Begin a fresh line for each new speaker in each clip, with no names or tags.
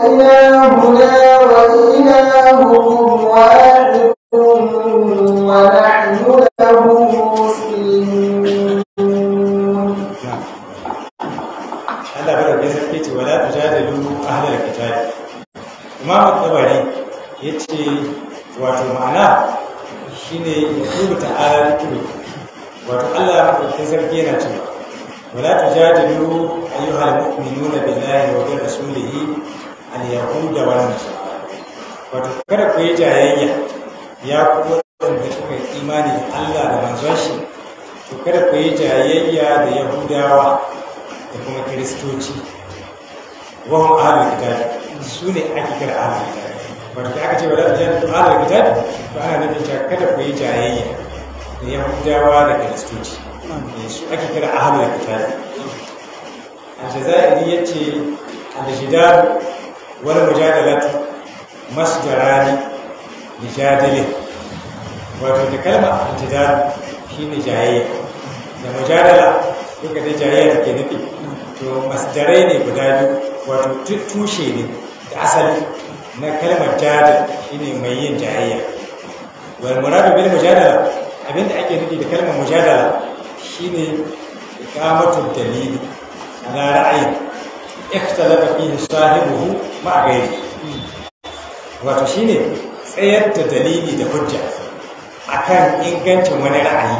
إلهنا وإلهكم واحد ونحن له مسلمون هذا هو الجزء ولا wato ma'ana shine ya tuba ta'ala tuba wato Allah ya sarki yana cewa wala tujadilu ayyuhal mu'minuna billahi wa bi rasulihi al-yahuda wal nasara wato kada ku yi jayayya ya ku wanda kuka imani da Allah da manzon shi to kada ku yi jayayya da yahudawa da kuma kiristoci wahum ahlul kitab su ne ake kira ahlul kitab
wato da aka ce wala tajadu ahlul kitab to ana nufin cewa kada ku yi jayayya
da yahudawa da kiristoci su ake kira ahlul kitab al-jazairi yace al-jidal wal mujadalatu masjarani mujadale wato da kalma intidal ne jayayya da mujadala duka da jayayya ke nufi to masdarai ne guda biyu wato tushe ne da asali na kalmar jada shine mai yin jayayya wani muradu bin mujadala abinda ake nufi da kalmar mujadala shine iqamatul dalili na ra'ayi ikhtalafa fihi sahibuhu ma gairi wato shine tsayar da dalili da hujja akan ingancin wani ra'ayi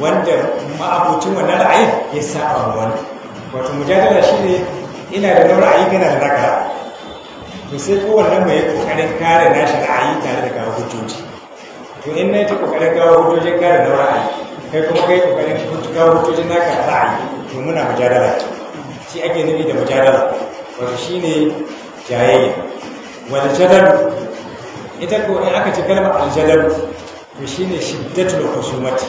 wanda ma'abucin wannan ra'ayi ya saba wa wani wato mujadala shine ina da wani ra'ayi kana da naka to sai kowanne mai ya kokarin kare nashi ra'ayi tare da kawo hujjoji to in na ta kokarin kawo hujjojin kare da ra'ayi kai kuma kai kokarin kawo hujjojin naka ra'ayi to muna mujadala shi ake nufi da mujadala wato shi ne jayayya wani jadar ita ko in aka ce kalmar aljadar to shi ne shiddatul husumati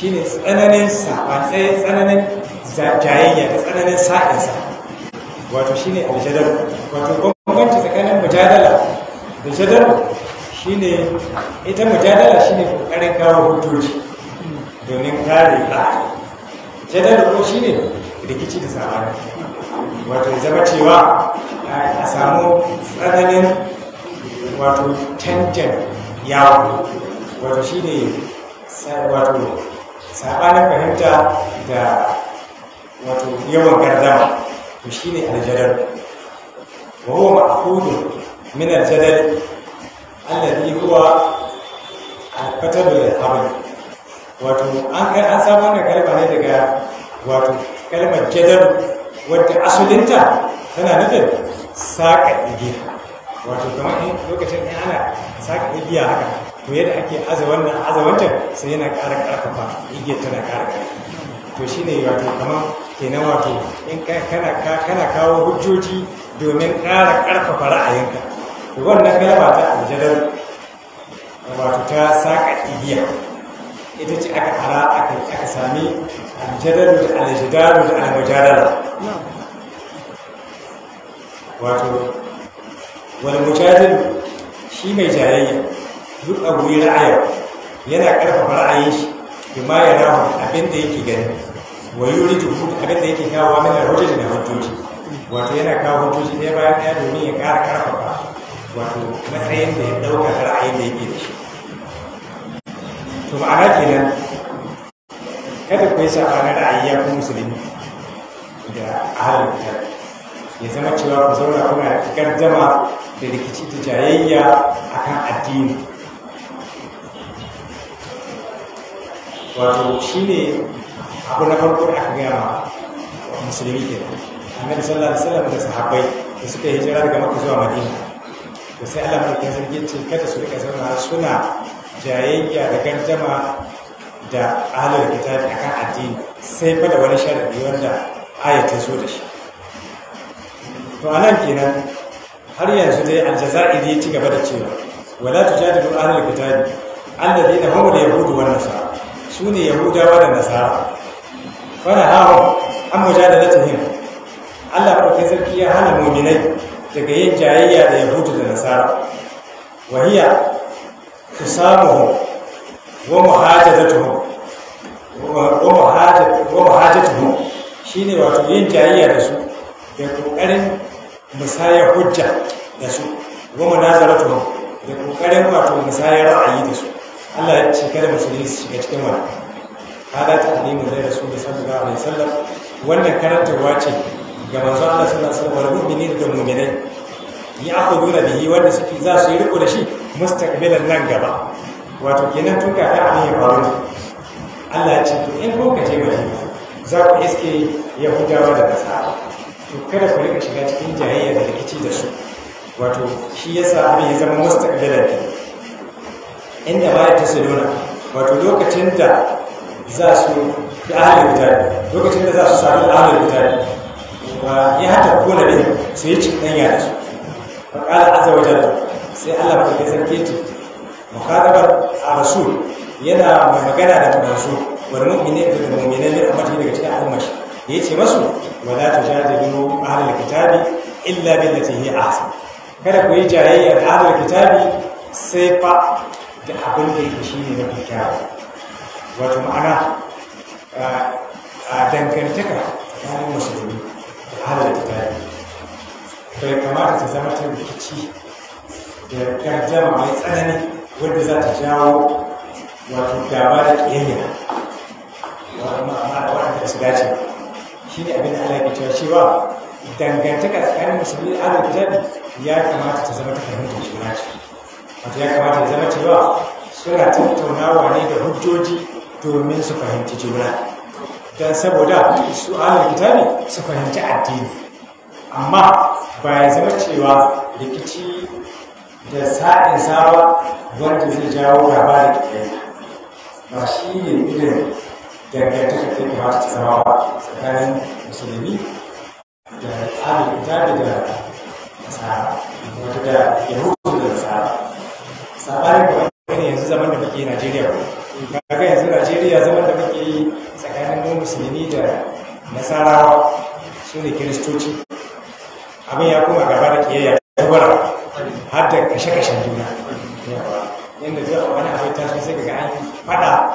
shi ne tsananin sabatsaye tsananin jayayya da tsananin sa'insa wato shi ne aljadar wato bambanci tsakanin mujadala da jadar shi ne ita mujadala shi ne kokarin kawo hujjoji domin kare ba jadar ko shi ne rikici da sabani wato zama cewa a samu tsananin wato tantan yawo wato shi ne wato sabanin fahimta da wato yawan gardama to shi ne aljadar wa huwa ma'khudun min aljadar Allah huwa al-fatar bil wato an kai an samar da kalma ne daga wato kalmar jadar wadda asulinta tana nufin saƙa igiya wato kamar lokacin in ana saƙa igiya haka to yadda ake aza wannan aza wancan sai yana ƙara ƙarfafa igiyar tana ƙara to shi ne wato kamar kenan wato in kana kawo hujjoji domin ƙara ƙarfafa ra'ayinka to wannan kalma ta aljadar wato ta saƙa igiya ita ce aka kara aka aka sami aljadalu da aljidalu da almujadala wato wani mujadin shi mai jayayya duk a guri ra'ayi yana karfafa ra'ayin shi da ma ya rahu abin da yake gani wa yuri tuhu abin da yake kawo mana rojin da hujjoji wato yana kawo hujjoji ɗaya bayan ɗaya domin ya ƙara karfafa wato matsayin da ya ɗauka ra'ayin da yake da shi to ma'ana kenan kada ku yi safanar ra'ayi ya ku musulmi da ahalin ya zama cewa ku zauna kuna da gardama da rikici da jayayya a kan addini wato shi ne abu na farko da aka gaya musulmi ke annabi sallallahu alaihi wasallam da sahabbai da suka yi hijira daga makka zuwa madina to sai Allah mai kasance kada su rika zauna suna jayayya da gardama da ahalar a kan addini sai fa wani sharadi wanda aya so zo da shi to a nan kenan har yanzu dai aljazairi ci gaba da cewa wala tujadilu ahlul kitabi alladhina hum al-yahudu wan nasara sune yahudawa da nasara fara hawo an mujadalatihim Allah kai sarki ya hana mu'minai daga yin jayayya da yahudu da nasara wahiya hisabuhum wa muhajatuhum wa muhajatuhum shine wato yin jayayya da su da kokarin musaya hujja da su wa munazaratuhum da kokarin wato musaya ra'ayi da su Allah ya ce kada musulmi su shiga cikin wannan hada ta alimu zai rasul sallallahu ga manzon da mu'minai Ni aka nuna yi wanda suke za su yi riko da shi mustaqbilan nan gaba wato kenan tun kafin abin ya faru ne Allah ya ce to in kun kaje je za ku iske yahudawa da nasara to kada ku rika shiga cikin jayayya da rikici da su wato shi yasa abin ya zama mustaqbilan ne inda ba ya tasaluna wato lokacin da za su bi ahalin mutane lokacin da za su sami ahalin mutane ya hata kona ne su yi cikin ɗanya da su faƙalar azza wa jalla sai allah ba kai sarki ce mukhatabar a rasul yana mai magana da manzo wal mu'minin da mu'minin da amma daga cikin al'ummashi ya ce masu wala tujadilu ahlul kitabi illa billati hi ahsan kada ku yi jayayya da ahlul kitabi sai fa da abin da yake shi na kyakkyawa wato ma'ana a dangantaka tsakanin musulmi da ahlul kitabi bai kamata ta zama ta rikici da gajama mai tsanani wadda za ta jawo wato gaba da ƙiyayya wato ma'ana da waɗanda ta su dace shi ne abin da Allah ke cewa cewa dangantaka tsakanin musulmi da ala kitabi ya kamata ta zama ta fahimtar juna ce wato ya kamata ta zama cewa suna tattaunawa ne da hujjoji domin su fahimci juna don saboda su ala kitabi su fahimci addini amma ba ya zama cewa rikici da sa'in sawa wanda zai jawo gaba da kiyaye ba shi ne irin dangantakar da ke ta zama ba tsakanin musulmi da al'adar da nasara wata da yahudu da nasara sabari ba wani yanzu zaman da muke najeriya ba kaga yanzu najeriya zaman da muke tsakanin musulmi da nasarawa su ne kiristoci abin ya kuma gaba da kiyayya dubara har da kashe-kashen juna yadda zai a wani abin ta sai ga an fada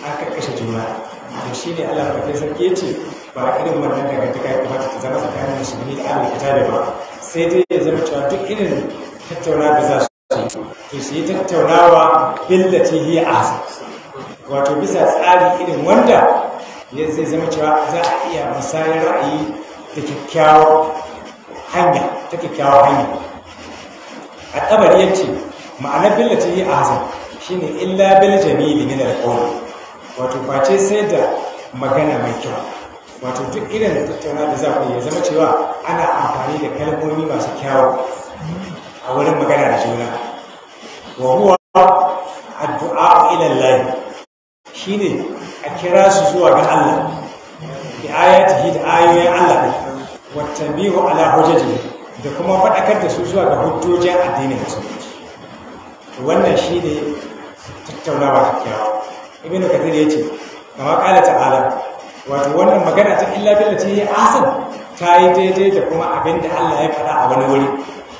an kakashe juna da shi ne allah mafi sarki ya ce ba a irin wannan daga dangantaka ya kamata ta zama tsakanin musulmi da allah ta da ba sai dai ya zama cewa duk irin tattauna da za su to su yi tattaunawa ta yi a wato bisa tsari irin wanda ya zai zama cewa za a iya musayar ra'ayi da kyakkyawa hanya ta kyakkyawar hanya a tabar ya ce ma'anar billace yi a hasan shine illa bil jamili da al wato face sai da magana mai kyau wato duk irin da tattauna da za ku ya zama cewa ana amfani da kalmomi masu kyawu a wurin magana da juna wa huwa addu'a ila Allah shine a kira su zuwa ga Allah bi ayatihi da ayoyin Allah wattabihu ala hujjaji da kuma faɗakar da su zuwa ga hujjojin addinin musulunci wannan shi ne tattaunawa kyakkyawa ibn kathir ya ce kama ƙala ta'ala wato wannan magana ta illa ta ya asan ta yi daidai da kuma abin da Allah ya faɗa a wani wuri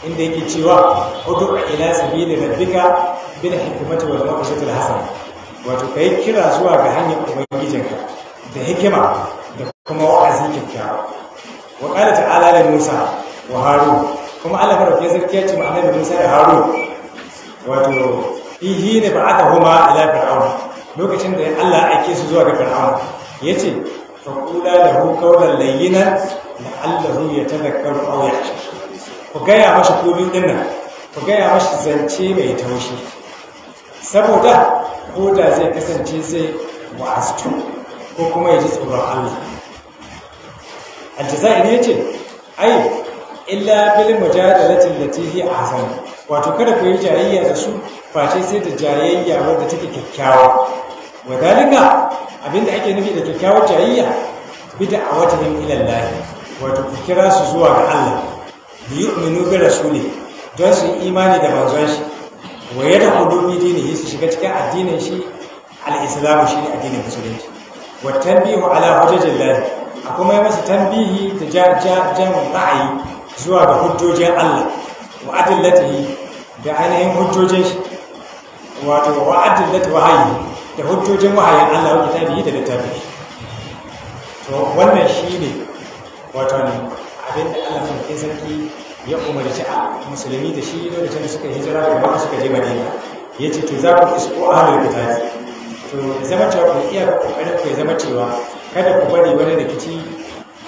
inda yake cewa hudu ila sabili rabbika bil hikmati wal maqsadi al hasan wato kai kira zuwa ga hanyar ubangijinka da hikima da kuma wa'azi kyakkyawa wa qala musa wa harun kuma Allah barke sarki ya ce ma annabi musa da harun wato ihi ne ba aka huma ala fir'aun lokacin da Allah ake su zuwa ga fir'aun yace kula da lahu qawlan layyinan la'allahu yatadhakkaru aw yakhsha ku gaya mashi komi dinnan ku gaya mashi zance mai taushi saboda ko da zai kasance sai wa'astu ko kuma ya ji tsoron Allah aljazairi ya ce ai illa bil mujadalatin lati a Hassan. wato kada ku yi jayayya da su face sai da jayayya wadda take kyakkyawa wadalika abinda ake nufi da kyakkyawar jayayya bida a wata yin ilallahi wato ku kira su zuwa ga Allah bi yu'minu bi rasuli don su yi imani da manzon shi wa yadkhulu fi dinihi su shiga cikin addinin shi al shi ne addinin musulunci wa tanbihu ala hujjajillahi kuma yi masa tambihi da jajajen ra'ayi zuwa ga hujjojin Allah wa yi da ainihin hujjojin wato wa adillati wahayi da hujjojin wahayin Allah wa kitabihi da littafi to wannan ne wato ne abin da Allah sun sarki ya umarci a musulmi da shi lokacin da suka hijira da ba suka je madina ya ce to za ku isko ahlul kitabi to zama cewa ku iya kokarin ku zama cewa kada ku bari wani rikici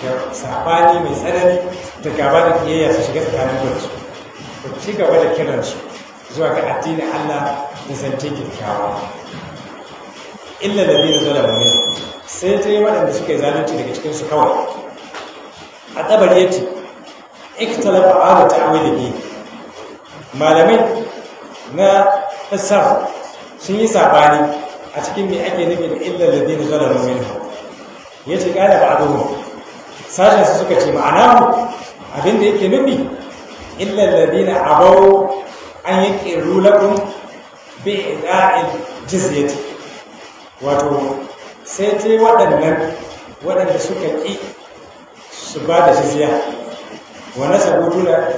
da sabani mai tsanani da gaba da kiyayya su shiga tsakanin gwarsu ku ci gaba da kiran su zuwa ga addinin Allah da zance kyakkyawa illa da biyu zuwa da wani sai dai waɗanda suka yi zalunci daga cikin su kawai a tabar yace ta ala biyu. malamai na tasawuf sun yi sabani a cikin me ake nufi da illa da biyu zuwa da ya ce ƙala ba abu sashen su suka ce ma'ana abin da yake nufi illal ladina abau an yaqiru lakum bi ida'il jizyati wato sai ce waɗannan waɗanda suka ƙi su ba da jizya wa sabo duna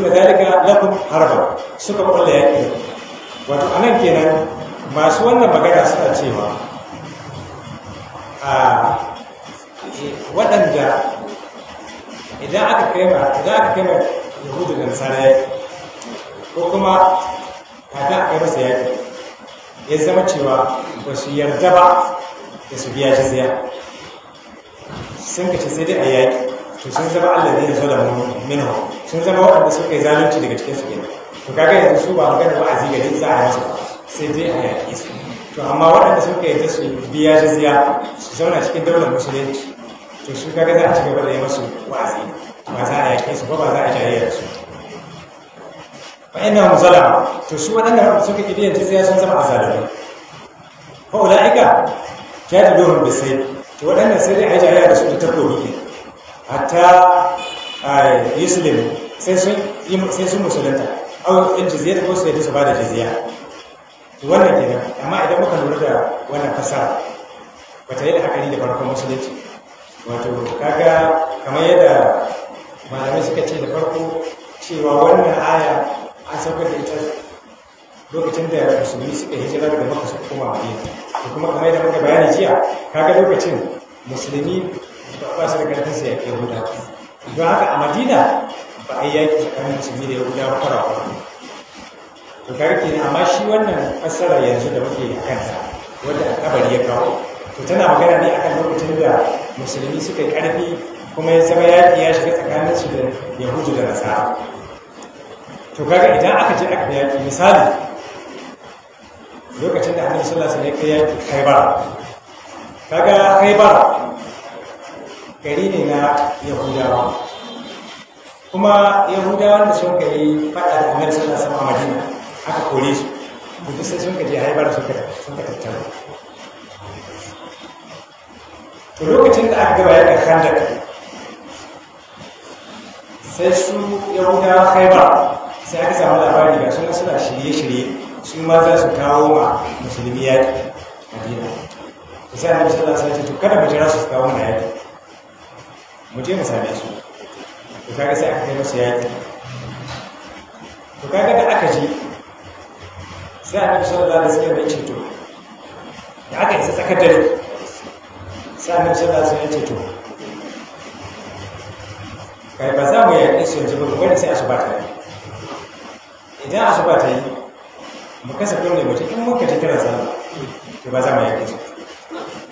wa dalika lakum harba suka kulla yaƙi wato anan kenan masu wannan magana suna cewa waɗanda idan aka kai idan aka kai yahudu da nasara yaki ko kuma kafin a kai masa yaki ya zama cewa ba su yarda ba da su biya ziya, sun kace sai dai a yaki to sun zama allah ne ya zo da minhu sun zama waɗanda suka yi zalunci daga cikin su kenan to kaga yanzu su ba magana ba a zigari za a yi su sai dai a yaƙi su to amma waɗanda suka yi su biya jizya su zauna cikin daular musulunci to su kaga za a ci gaba da yi masu wa'azi ba za a yake su ba ba za a jariya da su fa'ina musala to su waɗanda suka ƙi biyan jizya sun zama a azalumai fa ula'ika kyadi dohun da sai to waɗanda sai dai a yi jariya da su da takobi ne hatta yuslim eh, sai sun musulunta A in jizya da kuma su yadda su ba da jizya wannan kenan amma idan muka lura da wannan fasara ba ta yi hakari da farkon musulunci wato kaga kamar yadda malamai suka ce da farko cewa wannan aya an saukar da ita lokacin da musulmi suka hijira daga maka suka koma madina Da kuma kamar yadda muka bayani jiya kaga lokacin musulmi ba su da karfin sa ke yahuda don haka a madina ba a yi yaki tsakanin musulmi da yahuda ba fara to karke amma shi wannan fassara yanzu da muke kan kansa kabari ya kawo to tana magana ne akan lokacin da musulmi suka yi karfi kuma ya zama yaƙi ya shiga tsakanin su da yahudu da nasara to kaga idan aka je aka yaƙi misali lokacin da annabi sallallahu alaihi wasallam ya kai yaƙi khaybar kaga khaybar gari ne na yahudawa kuma yahudawa da sun kai faɗa da annabi sallallahu alaihi wasallam a madina aka kore su duk sai sun kaje yi suka suka tattara to
lokacin da aka gaba
yakan khandak sai su yahudawa haibara sai aka samu labari ga suna suna shirye-shirye su ma za su kawo ma musulmi yaƙi madina to sai annabi sallallahu alaihi wasallam kada mu jira su kawo mana yaƙi mu je mu same su to kaga sai aka kai musu yaki. to kaga da aka je sai annabi sallallahu alaihi wasallam ya ce to da aka isa tsakar dare sai annabi sallallahu alaihi wasallam ya ce to kai ba za mu yi yaƙi su yanzu ba wani sai asuba ta yi idan asuba ta yi mu kasa ne mu in muka ji kiran sallah to ba za mu yaƙi su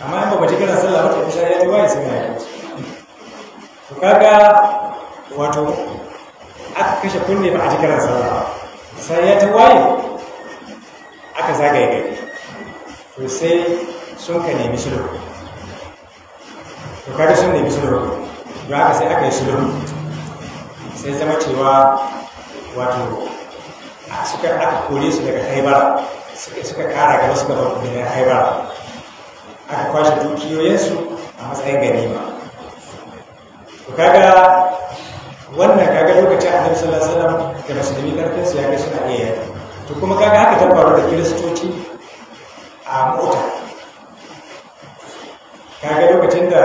amma in ba mu ji kiran sallah wata kusa ya tuwa sai mu yaƙi su to kaga wato aka kashe kunne ba a ji kiran sallah sai ya tuwaye aka zagaye gari to sai sun ka nemi sulhu to kaga sun nemi sulhu don haka sai aka yi sulhu sai zama cewa wato suka aka kore su daga haibar suka kara gaba suka ba daga haibar aka kwashe dukiyoyinsu a matsayin ganima to kaga wannan kaga lokacin annabi sallallahu alaihi wasallam da musulmi karfin su ya ga suna iya yaki to kuma kaga haka ta faru da kiristoci a mota kaga lokacin da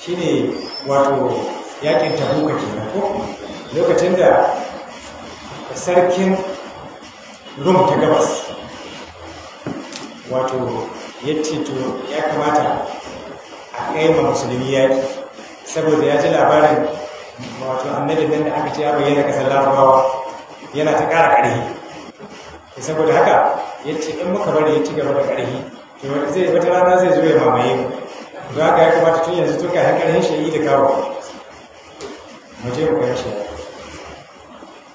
shine wato yakin tabuka ke ko lokacin da sarkin rum ta gabas wato ya to ya kamata a kai ma musulmi yaki saboda ya ji labarin wato annabin nan da aka ce ya bayyana kasar larabawa yana ta ƙara ƙarfi saboda haka ce in muka bari ya ci gaba da ƙarfi to zai wata rana zai zo ya mamaye ku za haka ya kamata tun yanzu tun kafin ƙarfin shi da kawo mu je mu kai shi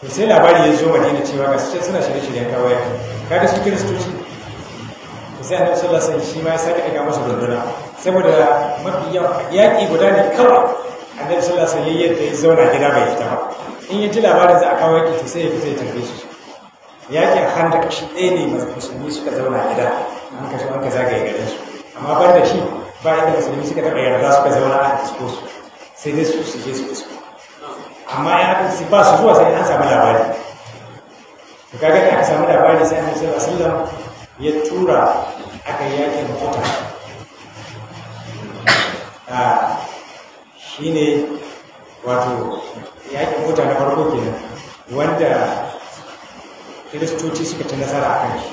to sai labari ya zo madina cewa ga su suna shirye-shiryen kawo yaki kaga su kiristoci sai annabi sallallahu alaihi shi ma ya sake daga masa dandana saboda mafi yaƙi guda ne kawai annabi sallallahu alaihi da ya zauna gida bai fita ba in ya ji labarin za a kawo yaƙi, to sai ya fita ya tarbe shi yakin handa kashi ɗaya ne musulmi suka zauna gida an ka wanka an ka zagaye garin su amma ban da shi ba inda musulmi suka taɓa yarda suka zauna a cikin su sai dai su su je su su amma ya su ba su zuwa sai an samu labari to kaga aka samu labari sai annabi sallallahu alaihi wasallam ya tura aka yakin kuta a ah, shine wato yakin kuta na farko kenan wanda kiristoci suka ci nasara a kan shi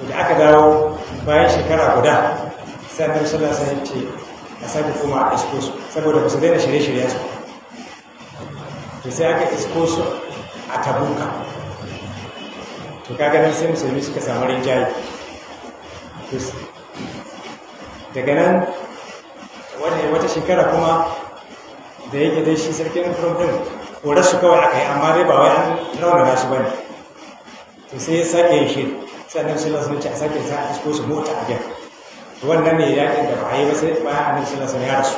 to da aka dawo bayan shekara guda sai annabi sallallahu alaihi wasallam ce a sake kuma a isko su saboda ba su daina shirye shirye su to sai aka isko su a tabuka to ka nan sai musulmi suka samu rinjaye daga nan wani wata shekara kuma da yake dai shi sarkin problem kore su kawai aka yi amma dai ba wai an na su ba to sai ya sake yin shirin sannan sallar sun ce a sake sa a isko shi mota a gyan wannan ne ɗin da ba a yi ba sai bayan annabi sallar sun ya rasu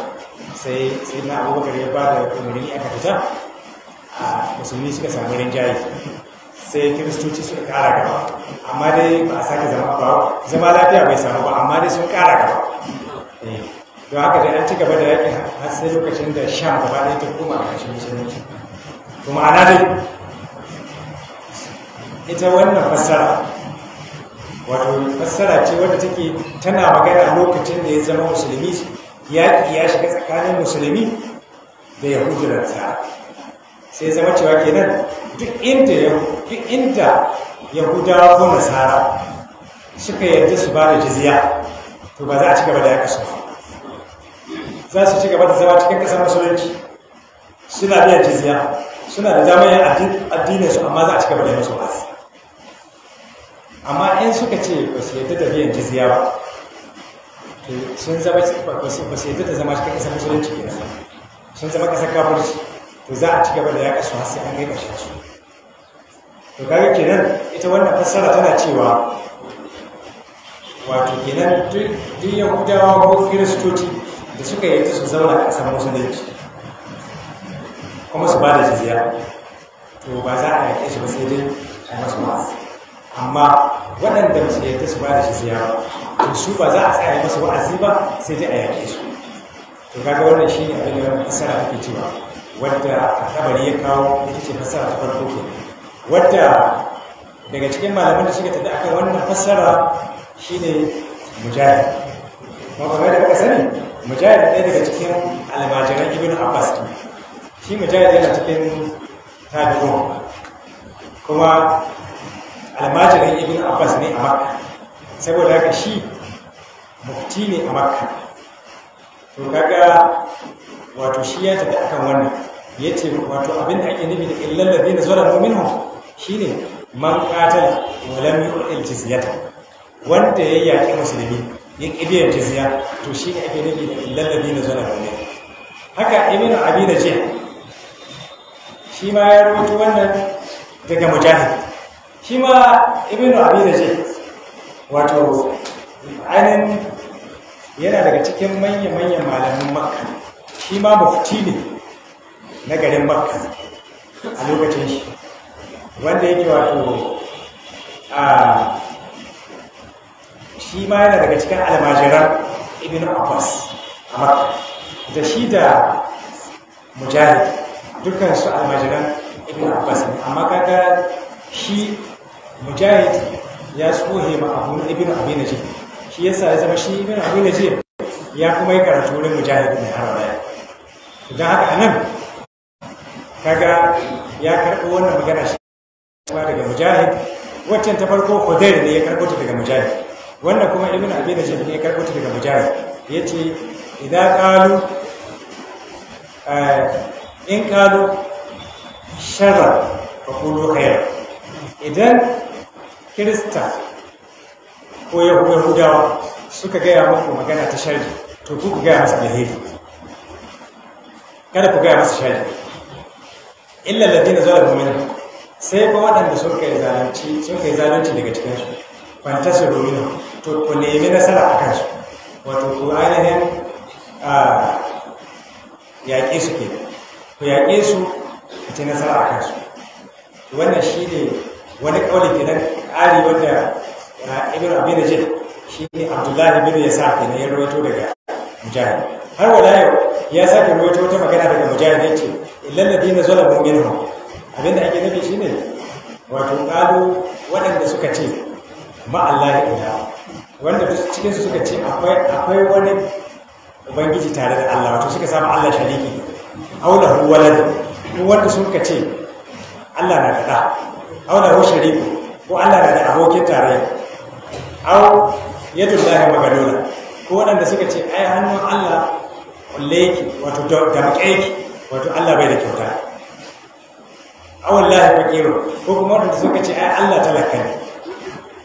sai sai na abubakar ya ba da umarni aka fita a musulmi suka samu rinjaye sai kiristoci suka kara gaba amma dai ba a sake zama ba zama lafiya bai samu ba amma dai sun kara gaba eh, don haka dai an ci gaba da yakin har sai lokacin da sham gaba ɗaya ta koma a ƙarshen musulunci ma'ana dai ita wannan fassara wato fassara ce wadda take tana magana lokacin da ya zama musulmi ya ya shiga tsakanin musulmi da ta? sai zama cewa kenan duk inda duk inda yahudawa ko nasara suka yarda su ba da jizya to ba za a ci gaba da yaƙa su za su ci gaba da zama cikin ƙasar musulunci suna biyan jizya suna da damar yin addinin su amma za a cika bayan musu wa'azi amma in suka ce ba su yadda da biyan jiziya ba sun zama ba su yadda da zama cikin ƙasar musulunci ke sun zama ƙasar kafirci to za a cigaba bayan yaƙa su har sai an kai ƙarshen su to kaga kenan ita wannan fassara tana cewa wato kenan duk yahudawa ko kiristoci da suka yi su zauna a ƙasar musulunci kuma su ba da jizya to ba za a yaƙe shi ba sai dai a yi masu ba amma waɗanda ba su yadda su ba da jizya to su ba za a tsaya masu wa'azi ba sai dai a yaƙe su to kaga wannan shi ne abin da fasara take cewa wadda tabari ya kawo ita ce fasara ta farko ke wadda daga cikin malaman da suka tafi akan wannan fasara shine mujahid ba ba da ka sani mujahid ɗaya daga cikin almajiran ibn abbas ne shi mujahid yana cikin tabi'un kuma almajirin ibn abbas ne a makka saboda haka shi mufti ne a makka to kaga wato shi ya tafi akan wannan ya ce wato abin da ake nufi da illal ladina zalamu minhum shine man qatala wa lam yu'til jizyata wanda ya yaki musulmi ya kidiyar jizya to shi ne ake nufi da illal ladina zalamu domin. haka ibn abi najih shi ma ya rubuta wannan daga mujahid shi ma ibnu abi ce wato ainihin yana daga cikin manya-manyan malamin makka shi ma mufti ne na garin makka a lokacin shi wanda yake wato a shi ma yana daga cikin almajiran ibn abbas a makka da shi da mujahid dukkan su almajiran ibn abbas ne amma kaga shi mujahid ya tsohe ma abu ibn abi najib shi yasa ya zama shi ibn abi najib ya kuma yi karatu wurin mujahid ne har baya don haka anan kaga ya karɓo wannan magana shi daga mujahid waccan ta farko hudair ne ya karɓo ta daga mujahid wannan kuma ibn abi najib ne ya karɓo ta daga mujahid yace idan qalu eh, in kalu sharra ka kulu idan kirista ko yahudawa suka gaya muku magana ta shari to ku ku gaya masa alheri kada ku gaya masa shari illa ladina zuwa da sai ba waɗanda suka yi zalunci suka yi zalunci daga cikinsu kwanta su domina to ku nemi nasara a kansu wato ku ainihin yaƙi su ke ku yaƙe su ku ci nasara a kansu wannan shi ne wani ke nan ƙari wanda ibn abin jin shi ne abdullahi bin ya sa kenan ya rawaito daga mujahid har wala yau ya sake rawaito wata magana daga mujahid ya ce illal ladina zalamu minhum da ake nufi shine wato ƙalu waɗanda suka ce ma Allah ya wanda cikin su suka ce akwai wani ubangiji tare da Allah wato suka samu Allah shariki aula hu walad ko wanda suka ce Allah na da aula hu shariku ko Allah na da abokin tarayya aw yadu lahi magalula ko wanda suka ce ai hannun Allah kulle wato da yake wato Allah bai da kyauta awon lahi fakiru ko kuma wanda suka ce ai Allah talaka ne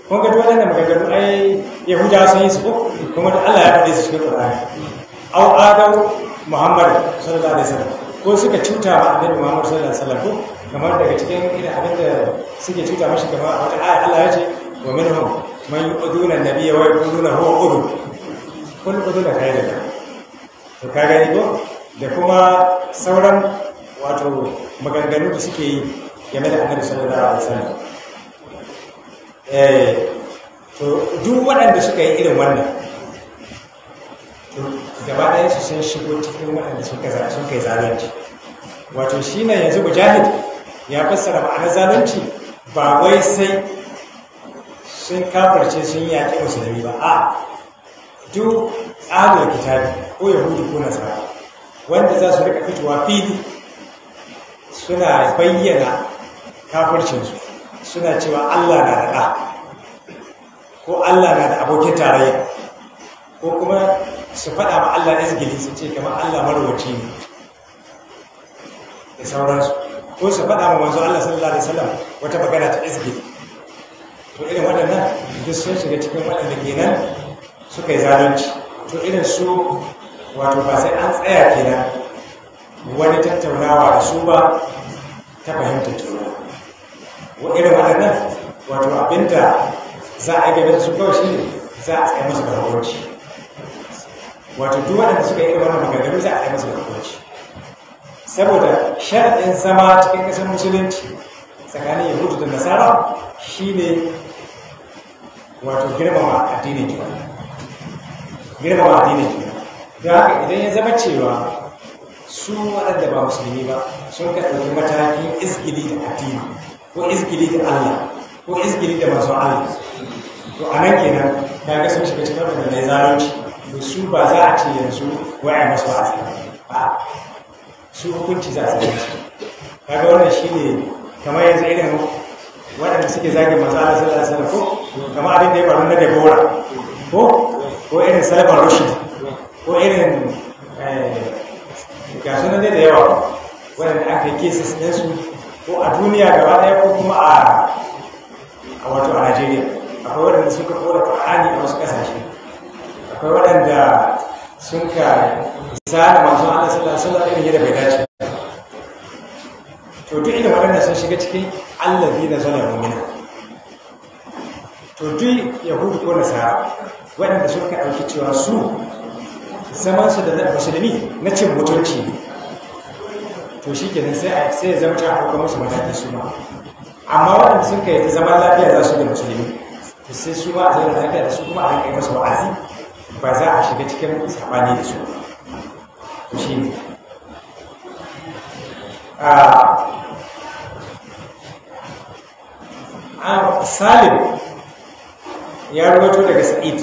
ko ga dole ne magagaru ai yahudawa sun yi su ko kuma Allah ya faɗi su cikin Qur'ani aw adau muhammad sallallahu alaihi wasallam ko suka cuta ma annabi muhammad sallallahu alaihi wasallam kamar daga cikin irin abin da suke cuta mashi a wata aya Allah ya ce wa minhum man yu'duna nabiyya wa yaquluna huwa qudu kun uduna kai da to ka gani ko da kuma sauran wato maganganu da suke yi game da annabi sallallahu alaihi wasallam eh to duk waɗanda suka yi irin wannan gaba ɗaya su sun shigo cikin waɗanda sun zalunci wato shi ne yanzu mujahid ya fassara ma'anar zalunci ba wai sai sun kafarce sun yaƙi musulmi ba a duk ahlul kitabi ko Yahudu ko nasara wanda za su rika fitowa fili suna bayyana kafircinsu suna cewa Allah na da ko Allah na da abokin tarayya ko kuma su faɗa ma Allah izgili su ce kamar Allah marwaci ne da sauransu ko su faɗa ma manzo Allah sallallahu alaihi wasallam wata magana ta izgili to irin waɗannan duk sun shiga cikin waɗanda kenan suka yi zalunci to irin su wato ba sai an tsaya kenan wani tattaunawa da su ba ta fahimta juna wa irin waɗannan wato abinda za a yi gaba da su kawai shi ne za a tsaye musu da wato duk wanda suka yi wannan maganganu za a yi musu hukunci saboda sharaɗin zama cikin ƙasar musulunci tsakanin yahudu da nasara shine wato girmama addinin juna girmama addinin juna don haka idan ya zama cewa su waɗanda ba musulmi ba sun ka ɗauki matakin izgili da addini ko izgili da allah ko izgili da masu allah to a nan kenan ga sun shiga cikin da mai zalunci su ba za a ce yanzu waya masu a tsakanin ba su hukunci za a tsakanin su kaga wannan shi ne kamar yanzu irin waɗanda suke zagin matsala sallallahu alaihi wasallam ko kama abin da ya faru na debora ko ko irin salman rushd ko irin eh, ga sunan da yawa waɗanda aka yi cases ɗinsu ko a duniya gaba ɗaya ko kuma
a wato a najeriya
akwai waɗanda suka kora ƙwa'ani a wasu ƙasashe akwai waɗanda sun ka zara masu ana sallah sallah ne da bai dace to duk inda waɗanda sun shiga cikin Allah na zana mumina to duk yahudu ko nasara waɗanda sun ka ɗauki cewa su zaman su da musulmi na cin mutunci to shi kenan sai ya zama cewa akwai musu mataki su ma amma waɗanda sun ka yi zaman lafiya za su da musulmi sai su ma a da lafiya da su kuma a hankali masu wa'azi ba za a shiga cikin saɓani da su shi a salim ya rubuto daga sa'id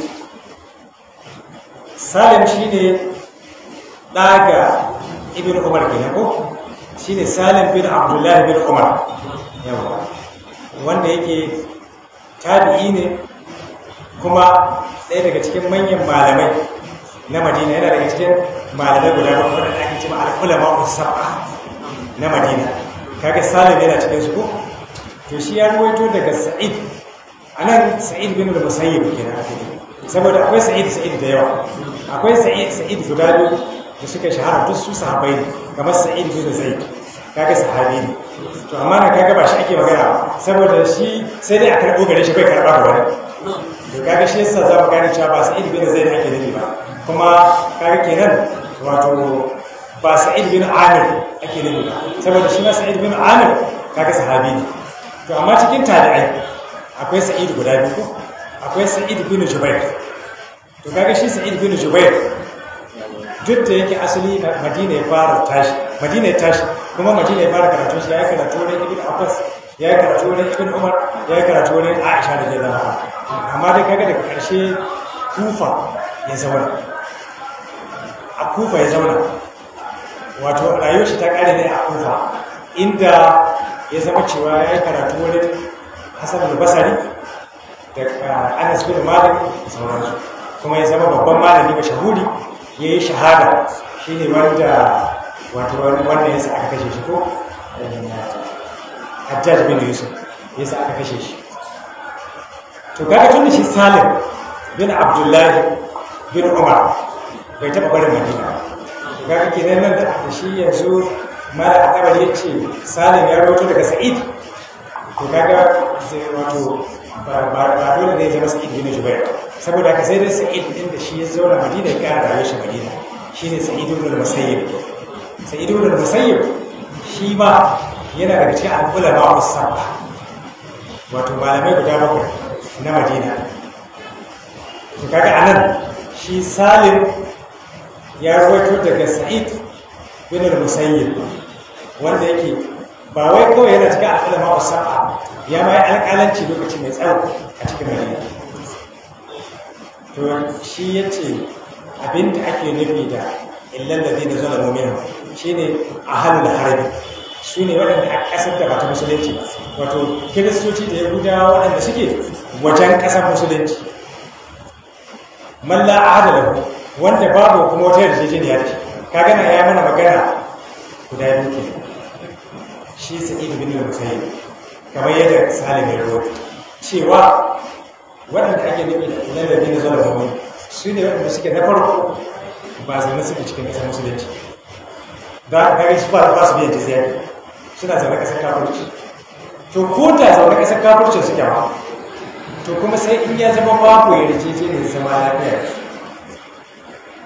salim shi ne ɗaga ibn umar kenan shi ne salim bin abdullahi bin umar yawon wanda yake tabi'i ne kuma ɗaya daga cikin manyan malamai na madina yana daga cikin malamai guda ba kuma da ake cima al'ulama usaba na madina kaga salim yana cikin su ko to shi ya ruwaito daga sa'id anan sa'id bin al-musayyib kenan saboda akwai sa'id sa'id da yawa akwai sa'id sa'id guda biyu da suka shahara duk su sahabai ne kamar sa'id bin zaid kaga sahabi ne to amma na kaga ba shi ake magana saboda shi sai dai a karɓo gare shi bai karɓa ne to kaga shi yasa za mu gane cewa ba sa'id bin zaid ake nufi ba kuma kaga kenan wato ba sa'id bin amir ake nufi ba saboda shi ma sa'id bin amir kaga sahabi ne to amma cikin tabi'ai akwai sa'id guda biyu akwai sa'id bin jubair to kaga shi sa'id bin jubair duk da yake asali madina ya fara tashi madina ya tashi kuma madina ya fara karatu shi ya yi karatu wurin ibn abbas ya yi karatu wurin ibn umar ya yi karatu wurin aisha da ke zama amma dai kaga daga ƙarshe kufa ya zauna a kufa ya zauna wato rayuwar shi ta kare ne a kufa inda ya zama cewa ya karatu wani hasan albasari da uh, anas bin malik da sauransu kuma ya zama babban malami mashahuri ya yi shahada shi ne wanda wato wanda ya sa aka kashe shi ko hajjaj bin yusuf ya sa aka kashe shi to kaga tun da shi salim bin abdullahi bin umar bai taɓa barin madina kaga kenan nan da shi yanzu mara akabar ya ce salim ya rawato daga sa'id to kaga zai wato ba dole ne zama sa'id bin jubair saboda ka sai da sa'id din da shi ya zauna madina ya kara rayuwa shi madina shine sa'id ibn musayyib sa'id ibn musayyib shi ma yana daga cikin al-ulama wasu sabba wato malamai guda bakwai na madina to kaga anan shi salim ya rawaito daga sa'id bin al-musayyib wanda yake ba wai kawai yana cikin alƙalama wa a ya ma yi alƙalanci lokaci mai tsawo a cikin madina to shi yace ce abinda ake nufi da illal ladina zalamu da shine a harbi su ne waɗanda a ƙasar da bata musulunci wato kiristoci da yahudawa waɗanda suke wajen ƙasar musulunci malla adalahu wanda babu kuma wata ya ce ka gana ya mana magana guda biyu ke shi sa'id bin al-musayyib kamar yadda salim ya rawaito cewa waɗanda ake nufi da lalabi na zuwa zama su ne waɗanda suke na farko ba zama suke cikin ƙasar musulunci ba ga su ba su biyan jizya suna zaune ƙasar kafirci to ko ta zaune ƙasar kafirci suke ba to kuma sai in ya zama babu ne zama lafiya